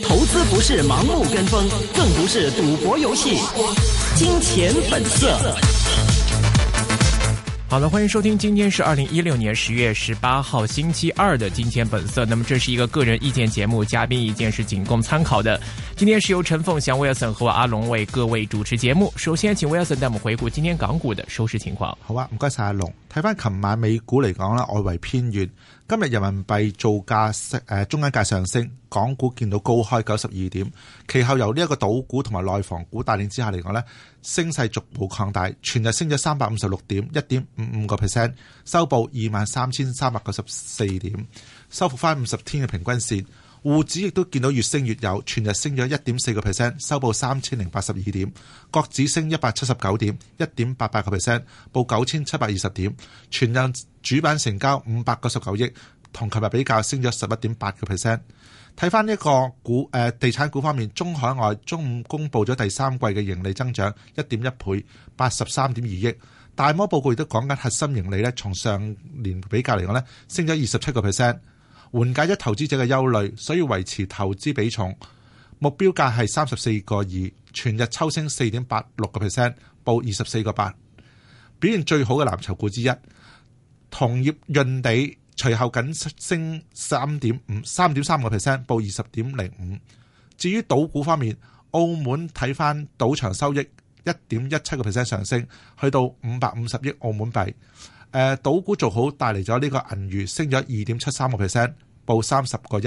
投資不是盲目跟風，更不是賭博遊戲。金錢本色。 好了，歡迎收聽，今天是二零一六年十月十八號星期二的《金錢本色》。那麼這是一個個人意見節目，嘉賓意見是僅供參考的。今天是由陳鳳翔 Wilson 和我阿龍為各位主持節目。首先，請 Wilson 帶我們回顧今天港股的收市情況。好啊，唔該晒阿龍。睇翻琴晚美股嚟講啦，外圍偏軟今日人民幣造價升，誒中間價上升，港股見到高開九十二點，其後由呢一個賭股同埋內房股帶領之下嚟講呢升勢逐步擴大，全日升咗三百五十六點，一點五五個 percent，收報二萬三千三百九十四點，收復翻五十天嘅平均線。滬指亦都見到越升越有，全日升咗一點四個 percent，收報三千零八十二點。國指升一百七十九點，一點八八個 percent，報九千七百二十點。全日主板成交五百九十九億，同琴日比較升咗十一點八個 percent。睇翻呢個股誒、呃、地產股方面，中海外中午公布咗第三季嘅盈利增長一點一倍，八十三點二億。大摩報告亦都講緊核心盈利咧，從上年比較嚟講咧，升咗二十七個 percent。緩解咗投資者嘅憂慮，所以維持投資比重，目標價係三十四個二，全日抽升四點八六個 percent，報二十四個八，表現最好嘅藍籌股之一。同業潤地隨後僅升三點五、三點三個 percent，報二十點零五。至於賭股方面，澳門睇返賭場收益一點一七個 percent 上升，去到五百五十億澳門幣。誒，賭股做好帶嚟咗呢個銀娛升咗二點七三個 percent，報三十個一；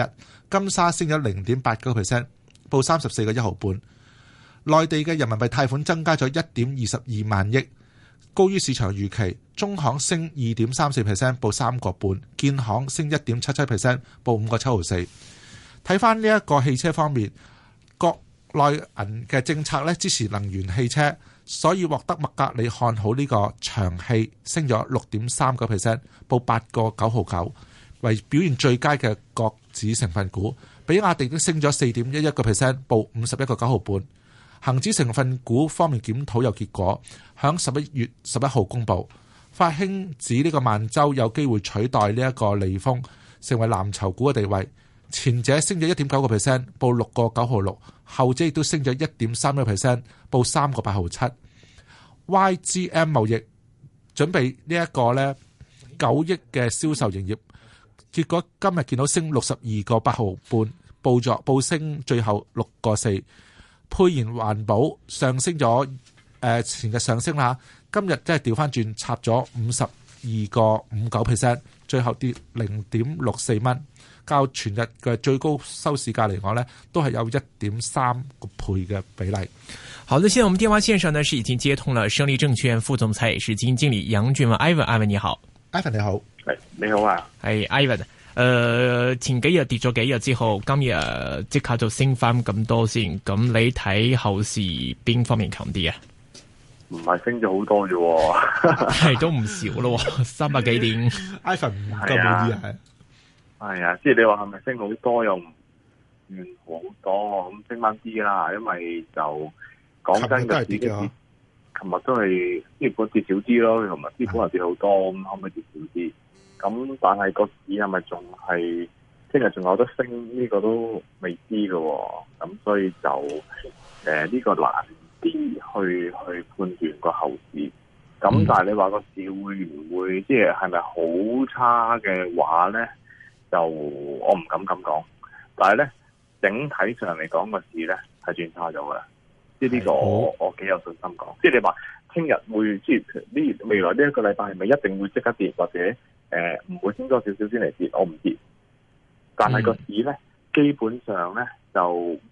金沙升咗零點八九 percent，報三十四個一毫半。內地嘅人民幣貸款增加咗一點二十二萬億，高於市場預期。中行升二點三四 percent，報三個半；建行升一點七七 percent，報五個七毫四。睇返呢一個汽車方面，國內銀嘅政策咧支持能源汽車。所以獲得麥格里看好呢個長汽升咗六點三個 percent，報八個九毫九，為表現最佳嘅國指成分股。比亞迪都升咗四點一一個 percent，報五十一個九毫半。恒指成分股方面檢討有結果，響十一月十一號公佈。法興指呢個萬洲有機會取代呢一個利豐成為藍籌股嘅地位，前者升咗一點九個 percent，報六個九毫六，後者亦都升咗一點三一個 percent。報三個八毫七，YGM 貿易準備呢一個呢九億嘅銷售營業，結果今日見到升六十二個八毫半，報咗報升最後六個四。沛然環保上升咗誒、呃、前日上升啦，今日即係掉返轉插咗五十二個五九 percent。最後跌零點六四蚊，較全日嘅最高收市價嚟講咧，都係有一點三個倍嘅比例。好，呢現在我們電話線上呢是已經接通了勝利證券副總裁，也是基金經理楊俊文 Ivan，Ivan 你好，Ivan 你好，係你、哎、你好啊，誒、哎、Ivan，誒、呃、前幾日跌咗幾日之後，今日即刻就升翻咁多先，咁你睇後市邊方面強啲啊？唔係升咗好多啫，係都唔少咯，三百幾點 ？iPhone 係 't 啊，係啊，即係你話係咪升好多又唔好多咁，升翻啲、嗯、啦。因為就講真嘅，就跌嘅。琴日都係，A 股跌少啲咯，同埋 A 股係跌好、啊、多，咁可唔可以跌少啲？咁但係個市係咪仲係聽日仲有得升？呢個都未知嘅，咁所以就誒、呃、呢個難。啲去去判斷個後市，咁但係你話個市會唔會即係係咪好差嘅話咧？就我唔敢咁講，但係咧整體上嚟講個市咧係轉差咗嘅喇，呢啲我我幾有信心講。即係你話聽日會即係呢未來呢一個禮拜係咪一定會即刻跌，或者誒唔會升多少少先嚟跌？我唔知，但係個市咧。基本上咧就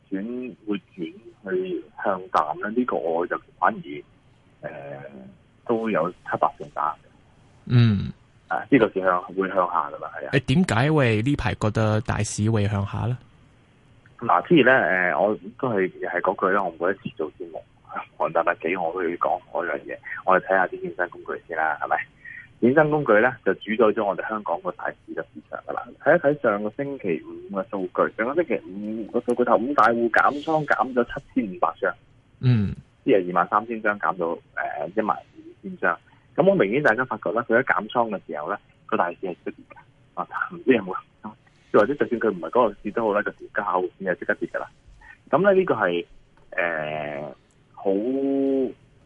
轉會轉去向淡啦。呢、這個我就反而誒、呃、都有七八成打。嗯，啊呢、這個是向會向下噶嘛，係、欸、啊。誒，點解會呢排覺得大市會向下咧？嗱、啊，之前咧誒，我都係又係嗰句啦。我每一次做節目，黃大達幾，我都要講嗰樣嘢。我哋睇下啲衍生工具先啦，係咪？衍生工具咧就主宰咗我哋香港個大市嘅市場噶啦，睇一睇上個星期五嘅數據，上個星期五個數據頭五大戶減倉減咗七千五百張，嗯，即係二萬三千張減到誒一萬五千張，咁、呃、我明顯大家發覺咧，佢喺減倉嘅時候咧個大市係跌嘅，啊唔知有冇，又或者就算佢唔係嗰個市都好咧，就呢這個成交線係即刻跌噶啦，咁咧呢個係誒好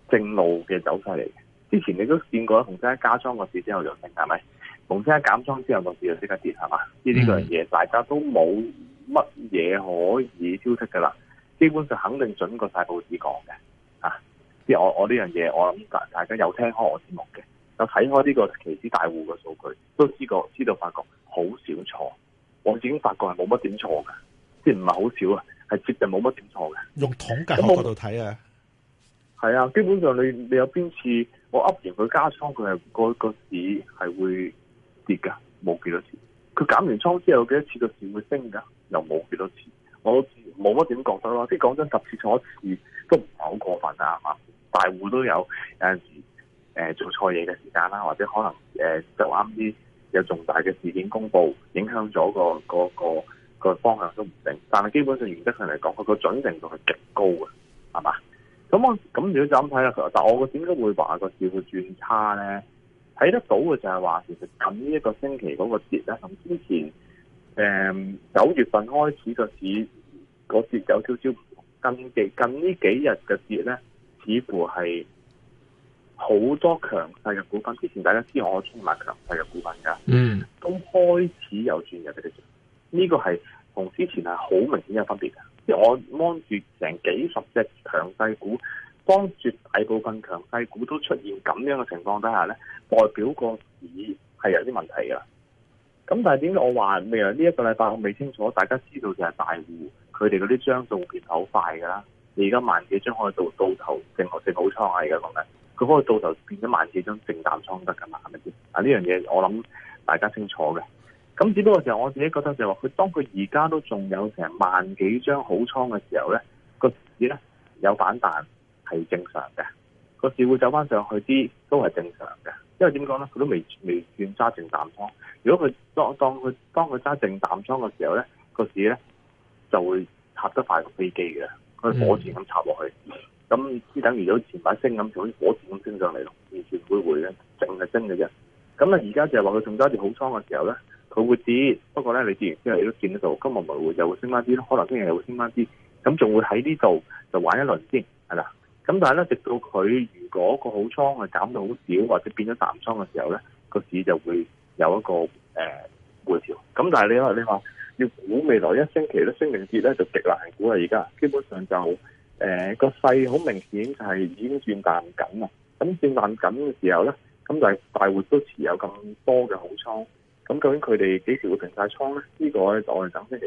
正路嘅走勢嚟嘅。之前你都見過同色加裝個事之後就升係咪？同色一減裝之後就事就即刻跌係嘛？呢啲個樣嘢大家都冇乜嘢可以挑剔㗎啦，基本上肯定準過晒報紙講嘅。啊，即我我呢樣嘢，我諗大大家有聽開我節目嘅，有睇開呢個期指大戶嘅數據，都知個知道發覺好少錯。我自己發覺係冇乜點錯㗎，即係唔係好少啊？係絕對冇乜點錯嘅。用統計學角度睇啊！係啊，基本上你你有邊次我噏完佢加倉，佢係個個市係會跌噶？冇幾多次。佢減完倉之後幾多次個市會升噶？又冇幾多次。我冇乜點覺得咯。即講真，十次錯一次都唔係好過分啊，係嘛？大戶都有有陣時誒、呃、做錯嘢嘅時間啦，或者可能誒、呃、就啱啲有重大嘅事件公布，影響咗個嗰個，個，個，個方向都唔定。但係基本上原則上嚟講，佢個準定度係極高嘅，係嘛？咁我咁如果就咁睇啦，但我嘅點解會話個市會轉差咧？睇得到嘅就係話，其實近呢一個星期嗰個跌呢，咧，咁之前誒九月份開始個市嗰跌有少少近幾近幾呢幾日嘅跌咧，似乎係好多強勢嘅股份。之前大家知我充埋強勢嘅股份噶，嗯，咁開始有轉入嘅，呢個係同之前係好明顯有分別嘅。我望住成幾十隻強勢股，當絕大部分強勢股都出現咁樣嘅情況底下咧，代表個市係有啲問題噶。咁但係點解我話未啊？呢、這、一個禮拜我未清楚，大家知道就係大戶佢哋嗰啲張數變好快噶啦。你而家萬幾張可以到到頭正頭淨好倉位噶，講緊佢可以到頭變咗萬幾張淨淡倉得噶嘛？係咪先？啊呢樣嘢我諗大家清楚嘅。咁只不過就我自己覺得就係話佢當佢而家都仲有成萬幾張好倉嘅時候咧，個市咧有反彈係正常嘅，個市會走翻上去啲都係正常嘅，因為點講咧，佢都未未算揸淨淡倉。如果佢當佢當佢揸淨淡倉嘅時候咧，個市咧就會插得快過飛機嘅，佢火箭咁插落去，咁等如果前晚升咁，就好似火箭咁升上嚟咯，完全唔會回嘅，淨係升嘅啫。咁啊，而家就係話佢仲揸住好倉嘅時候咧。佢會跌，不過咧，你跌完之後，亦都見得到今日咪會又會升翻啲咯。可能聽日又會升翻啲，咁仲會喺呢度就玩一輪先係啦。咁但係咧，直到佢如果個好倉係減到好少，或者變咗淡倉嘅時候咧，個市就會有一個誒、呃、回調。咁但係你話你話要估未來一星期咧，升定跌咧就極難估啦。而家基本上就誒、呃、個勢好明顯就係已經轉淡緊啦。咁轉淡緊嘅時候咧，咁但係大戶都持有咁多嘅好倉。咁究竟佢哋幾時會平曬倉咧？呢個咧就我哋等星期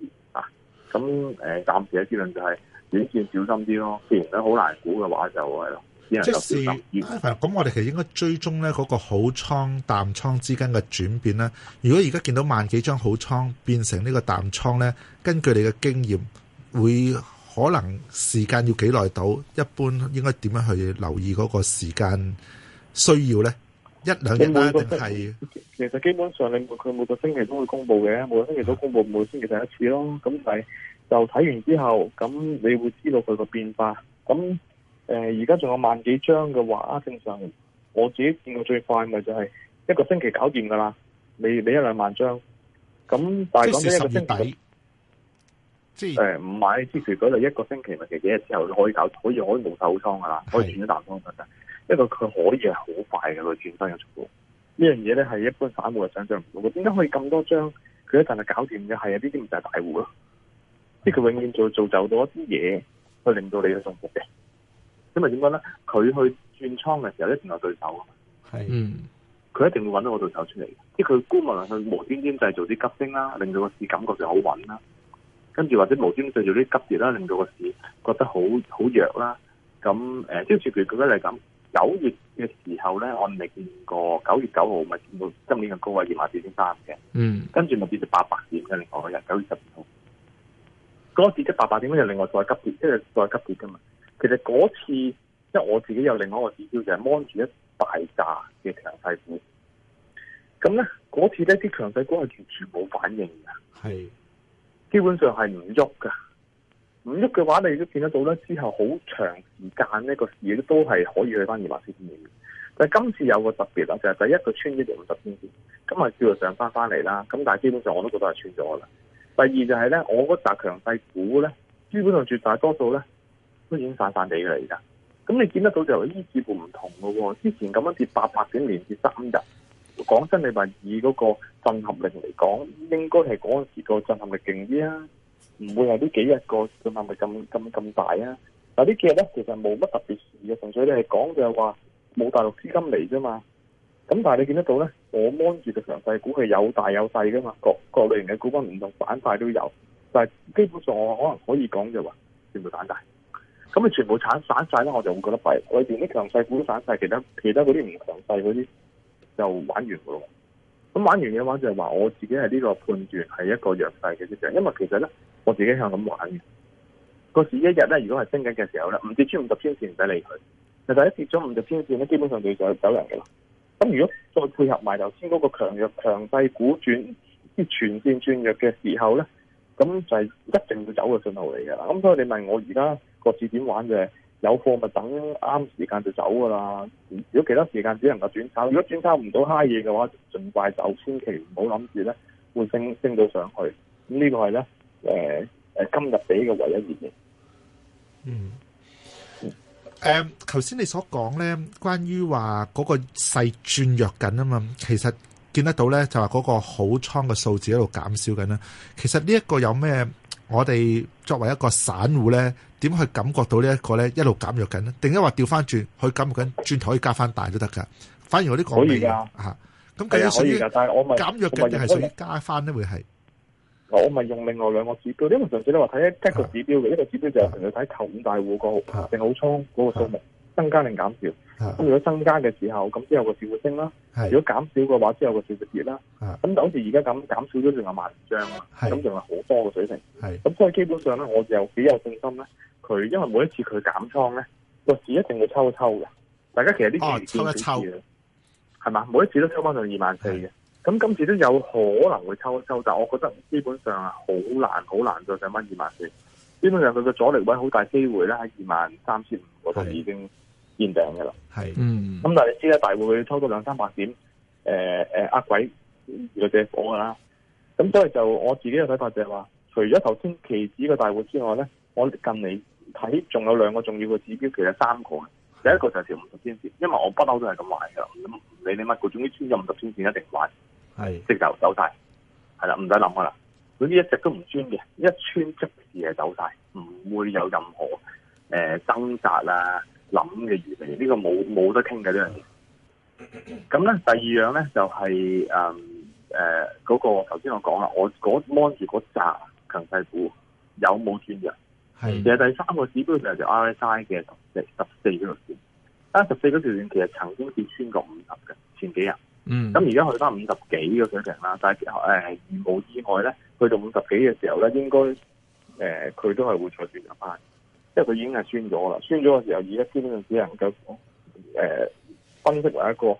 五知啊。咁誒，暫時嘅結論就係短線小心啲咯。既然咧好難估嘅話，就係咯，即係有先。咁我哋其實應該追蹤咧嗰個好倉淡倉之間嘅轉變咧。如果而家見到萬幾張好倉變成呢個淡倉咧，根據你嘅經驗，會可能時間要幾耐到？一般應該點樣去留意嗰個時間需要咧？一兩，你每個係，其實基本上你每佢每個星期都會公布嘅，每個星期都公布，每個星期就一次咯。咁係就睇完之後，咁你會知道佢個變化。咁誒，而家仲有萬幾張嘅話，正常我自己見到最快咪就係一個星期搞掂噶啦。你你一兩萬張，咁但係講緊一個星期，即係誒唔買之前嗰度一個星期，其實幾日之後就可以搞，可以可以無手倉噶啦，可以轉咗大倉得唔得？因為佢可以係好快嘅，佢轉身嘅速度呢樣嘢咧係一般散戶嘅想象唔到嘅。點解可以咁多張佢一旦係搞掂嘅？係啊，呢啲唔就係大戶咯。即係佢永遠做做走多一啲嘢，去令到你去中伏嘅。因為點解咧？佢去轉倉嘅時候一定有對手嘅。係，嗯，佢一定會揾到我的對手出嚟。即係佢沽冇可能無端端製造啲急升啦，令到個市感覺就好穩啦。跟住或者無端端製造啲急跌啦，令到個市覺得好好弱啦。咁誒，即似佢講得係咁。就是九月嘅時候咧，我未見過9月9。九月九號咪見到今年嘅高位二百二千三嘅，嗯，跟住咪跌到八百點嘅另外一日，九月十號嗰次跌八百點咧，又另外再急跌，即係再急跌噶嘛。其實嗰次，因為我自己有另外一個指標，就係掹住一大扎嘅強勢股，咁咧嗰次咧啲強勢股係完全冇反應嘅，係基本上係唔喐噶。唔喐嘅話，你都見得到咧。之後好長時間呢個市都係可以去翻二百四千點。但係今次有個特別啦，就係、是、第一個穿一日五十天線，今日照度上翻翻嚟啦。咁但係基本上我都覺得係穿咗啦。第二就係、是、咧，我嗰扎強勢股咧，基本上絕大多數咧都已經散散地嘅啦。而家咁你見得到就依次似乎唔同嘅喎。之前咁樣跌八百點連跌三日，講真，你話以嗰個震撼力嚟講，應該係嗰陣時個震撼力勁啲啊。唔會話呢幾日個量係咁咁咁大啊！嗱，呢幾日咧其實冇乜特別事嘅，純粹你係講就係話冇大陸資金嚟啫嘛。咁但係你見得到咧，我按住嘅強勢股係有大有細噶嘛，各各類型嘅股份唔同，板塊都有。但係基本上我可能可以講就係話，全部散大。咁你全部炒散晒啦，我就會覺得弊。我連啲強勢股都散晒，其他其他嗰啲唔強勢嗰啲就玩完噶咯。咁玩完嘅話就係話，我自己係呢個判斷係一個弱勢嘅嘅、就係，因為其實咧。我自己向咁玩嘅個市，時一日咧，如果係升緊嘅時候咧，唔跌穿五十天線唔使理佢。就第一跌咗五十天線咧，基本上就走人嚟噶啦。咁如果再配合埋頭先嗰個強弱強勢股轉啲全線轉弱嘅時候咧，咁就係一定會走嘅信號嚟噶啦。咁所以你問我而家個市點玩嘅？有貨咪等啱時間就走噶啦。如果其他時間只能夠轉炒，如果轉炒唔到嗨嘢嘅話，盡快走，千祈唔好諗住咧，會升升到上去。咁呢個係咧。誒、呃、誒，今日俾嘅唯一原因，嗯，誒、嗯，頭、呃、先、嗯、你所講咧，關於話嗰個細轉弱緊啊嘛，其實見得到咧，就話嗰個好倉嘅數字一路減少緊啦。其實呢一個有咩？我哋作為一個散戶咧，點去感覺到呢一個咧，一路減弱緊咧？定一話調翻轉，佢減弱緊，轉頭可以加翻大都得噶。反而我呢個未啊，咁係屬於減弱嘅，係屬於加翻呢會係。我咪用另外兩個指標，因為上次都話睇一一個指標嘅，一個指標就係純佢睇頭五大戶、個淨好倉嗰個數目增加定減少。咁如果增加嘅時候，咁之後個市會升啦；如果減少嘅話，之後個市會跌啦。咁就好似而家咁，減少咗仲有萬張啊，咁仲係好多個水平。咁所以基本上咧，我就幾有信心咧，佢因為每一次佢減倉咧，個市一定會抽一抽嘅。大家其實呢期、哦、抽一抽係嘛？每一次都抽翻到二萬四嘅。咁今次都有可能會抽一抽，但我覺得基本上啊，好難好難再上翻二萬四。就是、24，基本上佢嘅阻力位好大，機會咧喺二萬三千五嗰度已經見頂嘅啦。係，嗯。咁但係你知咧，大會抽到兩三百點，誒、呃、誒，呃鬼或者火㗎啦。咁所以就我自己嘅睇法就係話，除咗頭先期指嘅大會之外咧，我近嚟睇仲有兩個重要嘅指標，其實三個嘅。第一個就係條五十天線，因為我不嬲都係咁壞嘅，唔理你乜鬼總之穿咗五十天線一定壞。係直頭走晒，係啦，唔使諗噶啦。啲一直都唔穿嘅，一穿即時係走晒，唔會有任何誒、呃、掙扎啦、啊、諗嘅餘地。呢、這個冇冇得傾嘅呢樣嘢。咁咧，第二樣咧就係誒誒嗰個頭先我講啦，我望住嗰扎強勢股有冇轉弱？係其實第三個指標就係、是、就 RSI 嘅十十四條線，但十四嗰條線其實曾經跌穿過五十嘅前幾日。咁而家去翻五十幾嘅水平啦，但係誒如無意外咧，去到五十幾嘅時候咧，應該誒佢、呃、都係會坐住入派，因為佢已經係穿咗啦，穿咗嘅時候而家基本上只能夠誒、呃、分析為一個誒、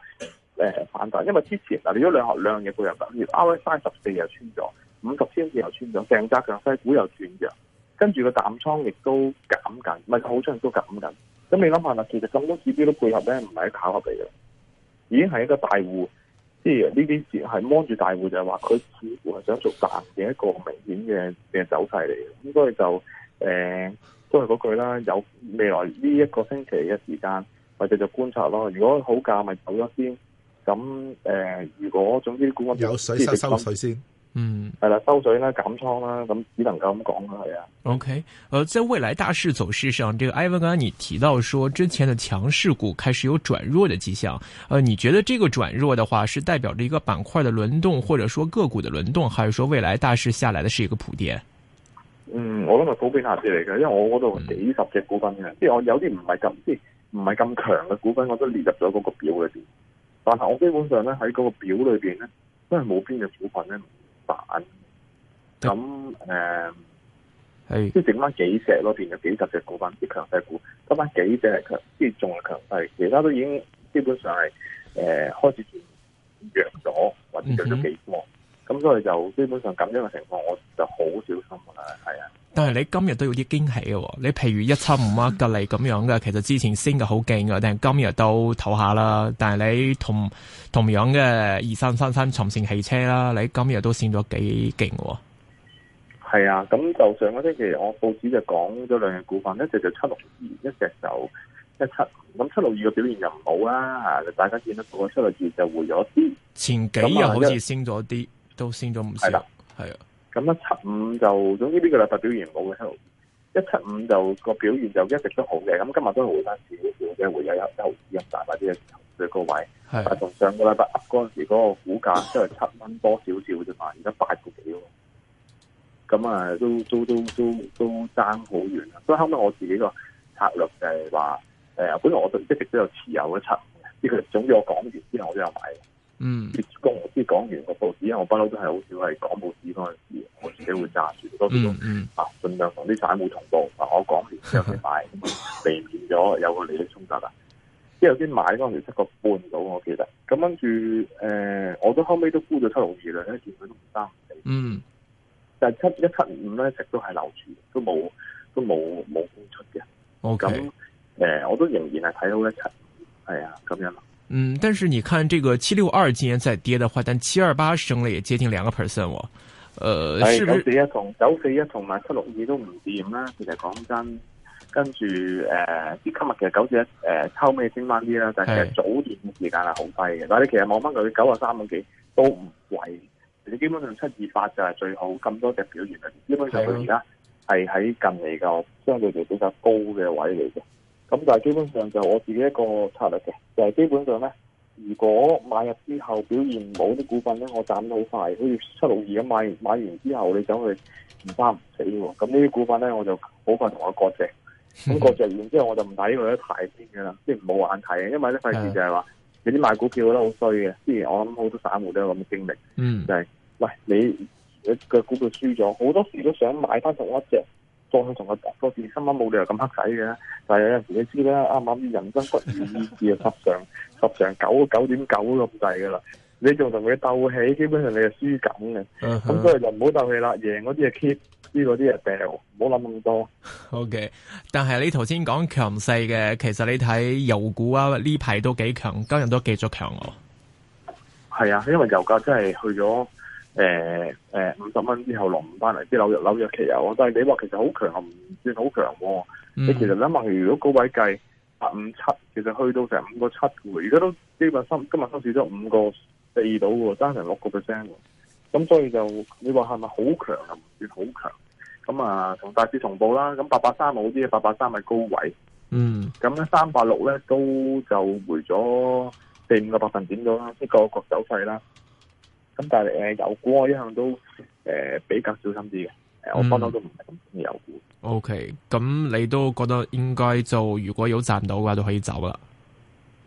呃、反彈，因為之前嗱如果兩行兩嘢配合，譬如 RSI 十四又穿咗，五十天線又穿咗，成紮強勢股又斷咗，跟住個淡倉亦都減緊，唔係好倉都減緊，咁你諗下嗱，其實咁多指標都配合咧，唔係一巧合嚟嘅，已經係一個大戶。即係呢啲事係掹住大戶，就係話佢似乎係想做大嘅一個明顯嘅嘅走勢嚟嘅，咁就誒、呃、都係嗰句啦，有未來呢一個星期嘅時間，我哋就觀察咯。如果好價，咪走咗先。咁誒，如、呃、果總之觀有水收收水先。嗯，係啦，收水啦，減倉啦，咁只能夠咁講啦，係啊。OK，誒、呃，在未來大市走勢上，這個 Ivan 剛、啊、才你提到說之前的強勢股開始有轉弱的跡象，誒、呃，你覺得這個轉弱的話，是代表着一個板塊的輪動，或者說個股的輪動，還是說未來大市下來的是一個普跌？嗯，我諗係普遍下跌嚟嘅，因為我嗰度幾十隻股份嘅，即、嗯、係我有啲唔係咁，即係唔係咁強嘅股份，我都列入咗嗰個表嘅，但係我基本上咧喺嗰個表裏邊咧，真係冇邊隻股份咧。板咁誒，即係整翻幾隻咯，變咗幾十隻股份啲強勢股，得翻幾隻強，即係仲係強勢，其他都已經基本上係誒、呃、開始轉弱咗，或者弱咗幾波。嗯咁所以就基本上咁樣嘅情況，我就好小心嘅啦。係啊，但係你今日都有啲驚喜嘅，啊。你譬如一七五啊， 隔籬咁樣嘅，其實之前升嘅好勁嘅，但係今日都唞下啦。但係你同同樣嘅二三三三，長城汽車啦，你今日都升咗幾勁。係啊，咁，啊，就上個星期，其實我報紙就講咗兩隻股份，一隻就七六二，一隻就一七。咁七六二嘅表現就唔好啦，啊，大家見得到七六二就回咗啲，前幾日好似升咗啲。都升咗唔少，係啦，係啊，咁一七五就，總之呢個禮拜表現冇嘅，一七五就個表現就一直都好嘅，咁今日都係回翻少少嘅，回有一一毫子咁大把嘅高位，但係上個禮拜嗰陣時嗰個股價即係七蚊多少少啫嘛，而家八個幾，咁啊，都都都都都爭好遠啦，所以後尾我自己個策略就係話，誒，本來我都一直都有持有一七，呢個總要我講完之後我都有買。嗯，啲工啲講完個報紙，因為我不嬲都係好少係講報紙嗰陣時，我自己會揸住嗰啲，啊盡量同啲仔會同步。嗱、啊、我講完之後先買，避免咗有個利益衝突啊。之後先買嗰陣時七個半到，我記得。咁跟住誒、呃，我都後尾都沽咗七六二兩，見佢都唔啱。嗯，但七一七五咧一直都係留住，都冇都冇冇供出嘅。O K，誒我都仍然係睇到一層，係啊，咁、哎、樣。嗯，但係你看這個七六二今年再跌嘅話，但七二八升咗也接近兩個 percent 喎。誒、呃，九四一同九四一同埋七六二都唔掂啦。其實講真，跟住誒，啲、呃、今日其實九四、呃、一誒，後屘升翻啲啦，但係其實早段時間係好低嘅。嗱，你其實望翻佢九啊三蚊幾都唔貴，你基本上七二八就係最好，咁多隻表現嚟，基本上佢而家係喺近嚟較相對嚟比較高嘅位嚟嘅。咁就係基本上就我自己一個策略嘅，就係、是、基本上咧，如果買入之後表現唔好啲股份咧，我斬得好快，好似七六二咁買買完之後，你走去唔翻唔死喎，咁呢啲股份咧，我就好快同我割席，咁割席完之後，我就唔帶呢個一排先嘅啦，即係唔好眼睇，因為咧費事就係、是、話你啲賣股票覺得好衰嘅，雖然我諗好多散戶都有咁嘅經歷，嗯、 就是，就係喂你個股票輸咗，好多時都想買翻同一隻。幫佢同佢搏多次，根本冇理由咁黑仔嘅。但係有陣時你知啦，啱啱啲人生不如意事啊十常十常九九點九咁滯噶啦。你仲同佢鬥氣，基本上你就輸緊嘅。咁、uh -huh. 所以就唔好鬥氣啦，贏嗰啲啊 keep，呢嗰啲啊病。唔好諗咁多。OK，但係你頭先講強勢嘅，其實你睇油股啊呢排都幾強，今日都繼續強哦。係啊，因為油價真係去咗。誒、呃、誒，五十蚊之後落唔翻嚟，啲紐約紐約期油，但係你話其實好強又唔算好強，mm. 你其實諗下，如果高位計八五七，其實去到成五個七嘅，而家都基本收今日收市咗五個四到嘅，差成六個 percent，咁所以就你話係咪好強又唔算好強？咁啊，同大市同步啦，咁八八三好啲，八八三係高位，嗯、mm.，咁咧三八六咧都就回咗四五個百分點咗、就是、啦，呢個國走勢啦。但係誒，有股我一向都誒比較小心啲嘅，我方都都唔係咁有股。O K，咁你都覺得應該就如果有賺到嘅話，就可以走啦。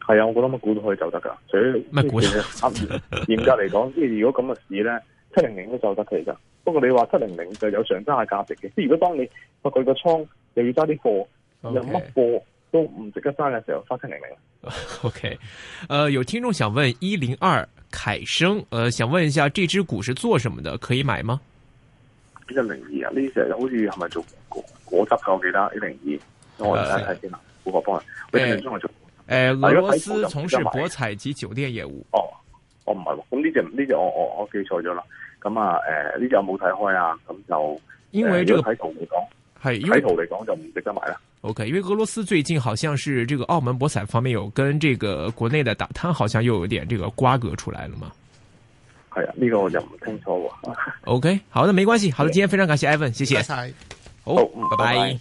係啊，我覺得乜股都可以走得噶，除咗乜股嚴 格嚟講，即係如果咁嘅市咧，七零零都走得其實。不過你話七零零就有上升嘅價值嘅，即係如果當你發佢個倉又要加啲貨，okay. 有乜貨都唔值得揸嘅時候，揸七零零。O K，誒，有聽眾想問一零二。凱生，呃，想問一下這支股是做什麼的？可以買嗎？一零二啊，呢隻好似係咪做果汁噶？我記得一零二，我睇睇先啊，我個幫我誒，俄羅斯從事博彩及酒店業務。哦，我唔係，咁呢隻呢隻我我我記錯咗啦。咁啊，誒，呢隻有冇睇開啊？咁就、呃、因為這個。你睇因，因為俄羅斯最近好像是這個澳門博彩方面有跟這個國內的打貪，好像又有點這個瓜葛出來了嘛。係啊，呢個我就唔清楚。OK，好，那沒關係。好的，今天非常感謝 Ivan，謝謝。好，拜拜，拜。